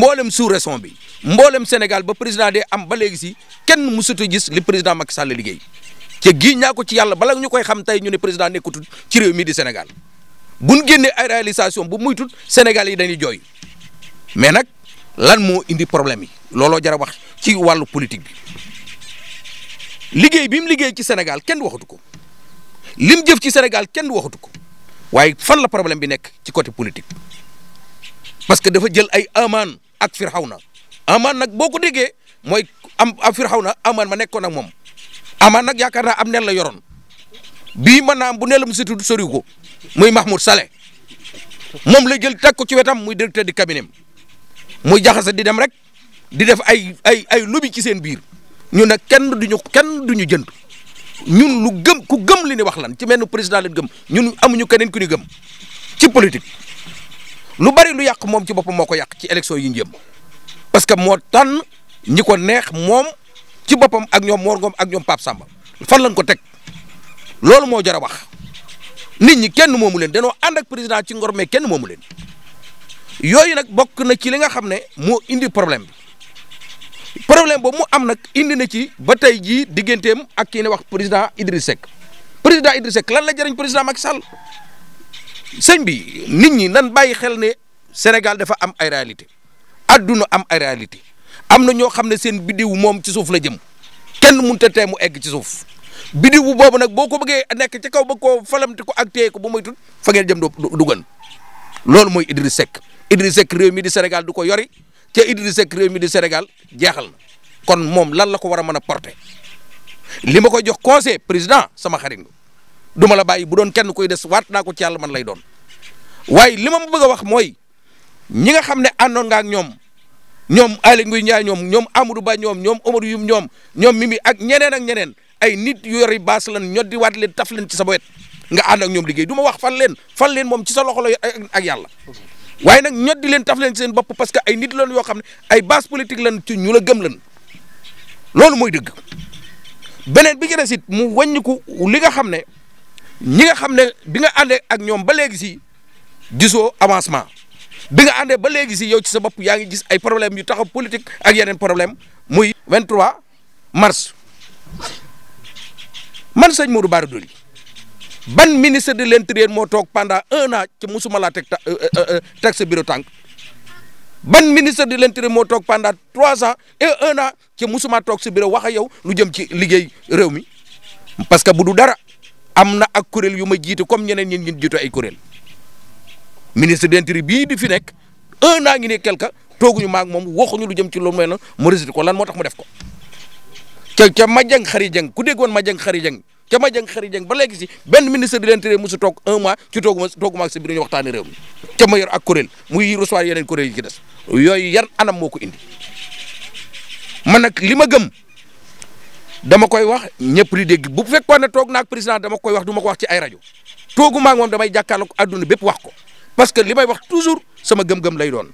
mboolem sous-région bi mboolem Sénégal ba président de am ba léegi si kenn mësut a gis li président Macky Sall liggéey te gii ñaa ko ci yàlla bala ñu koy xam tey ñu ne président nekkatul ci réew mi di Sénégal bu ñu génnee ay réalisation bu muy tut Sénégal yi dañuy jooy mais nag lan moo indi problème yi looloo jar a wax ci wàllu politique bi liggéey bi mu liggéey ci Sénégal kenn waxatu ko li mu jëf ci Sénégal kenn waxatu ko waaye fan la problème bi nekk ci côté politique ak Firawna amaan nag boo ko déggee mooy am a Firawna amaan ma nekkoon ak moom amaan nag yaakaar naa am nel la yoroon bii mën naa am bu mu surtout soriw ko muy Mahmoud Saleh moom la jël teg ko ci wetam muy directeur di cabinet muy jaxase di dem rek di def ay ay ay lobby ci seen biir ñu nag kenn duñu kenn du ñu jënd ñun lu gëm ku gëm li ni wax lan ci mel ni la leen gëm ñun amuñu keneen ku ñu gëm ci politique lu bari lu yàq moom ci boppam moo ko yàq ci élection yi ñu jëm parce que moo tànn ñi ko neex moom ci boppam ak ñoom Mor Ngom ak ñoom Pape Samba fan lañ ko teg loolu moo jar a wax nit ñi kenn moomu leen danoo ànd ak président ci ngor mais kenn moomu leen yooyu nag bokk na ci li nga xam ne moo indi problème bi problème boobu mu am nag indi na ci ba tey jii digganteem ak kii ne wax président Idriss Seck président Idriss Seck lan la jëriñ président Macky Sall sëñ bi nit ñi nan bàyyi xel ne Sénégal dafa am ay réalité adduna am ay réalité am na ñoo xam ne seen biddiw moom ci suuf la jëm kenn mun a tee mu egg ci suuf biddiw boobu nag boo ko bëggee nekk ci kaw ba koo falamti ko ak téye ko ba moytu fa ngeen jëm du dugal loolu mooy Idriss Seck Idriss Seck réew mi di Sénégal du ko yori ca Idriss Seck réew mi di Sénégal jeexal na kon moom lan la ko war a mën a porter li ma ko jox conseil président sama xarit duma la bàyyi bu doon kenn koy des waat naa ko ci yàlla man lay doon waaye li ma bëgg a wax mooy ñi nga xam ne àndoon nga ak ñoom ñoom Aly Ngouille Ndiaye ñoom ñoom Amadou Ba ñoom ñoom Oumar Youm ñoom ñoom Mimi ak ñeneen ak ñeneen ay nit yu yori baas lan ñoddi waat leen taf leen ci sa wet nga ànd ak ñoom liggéey du ma wax fan leen fal leen moom ci sa loxo la ak yàlla waaye nag ñoddi leen taf leen ci seen bopp parce que ay nit lan yoo xam ne ay base politique lan ci ñu la gëm lan loolu mooy dëgg beneen bi gën a sit mu wàññiku li nga xam ne ñi nga xam ne bi nga àndee ak ñoom ba léegi si gisoo avancement bi nga àndee ba léegi si yow ci sa bopp yaa ngi gis ay problème yu taxaw politique ak yeneen problème muy 23 mars man sëñ Modou Bara Dolly ban ministre de l'intérieur moo toog pendant un an ci musuma laa teg euh, euh, euh, teg sa bureau tànk ban ministre de l'intérieur moo toog pendant trois ans et un an ci musuma toog sa bureau wax ak yow lu jëm ci liggéey réew mi parce que bu du dara am na ak kuréel yu ma jiite comme ñeneen ñi ñu jiite ay kuréel ministre de l'Intérieur bii di fi nekk un an ngi ne quelque tooguñu maag moom waxuñu lu jëm ci loolu mooy na mu résulé ko lan moo tax mu def ko ca ma Madiang Khary Dieng ku déggoon Madiang Khary Dieng ca Madiang Khary Dieng ba léegi si benn ministre de l'Intérieur musu toog un mois ci toogu ma toogu maag si biir ñu waxtaanee réew mi ca ma yor ak mu muy recevoir yeneen kuréel yi ci des yooyu yan anam moo ko indi nag li ma gëm. dama koy wax ñëpp di dégg bu fekkoon ne toog naag président dama koy wax du ma ko wax ci ay rajo toogu maag moom damay jàkkaarloo ko àdduna bépp wax ko parce que li may wax toujours sama gëm-gëm lay doon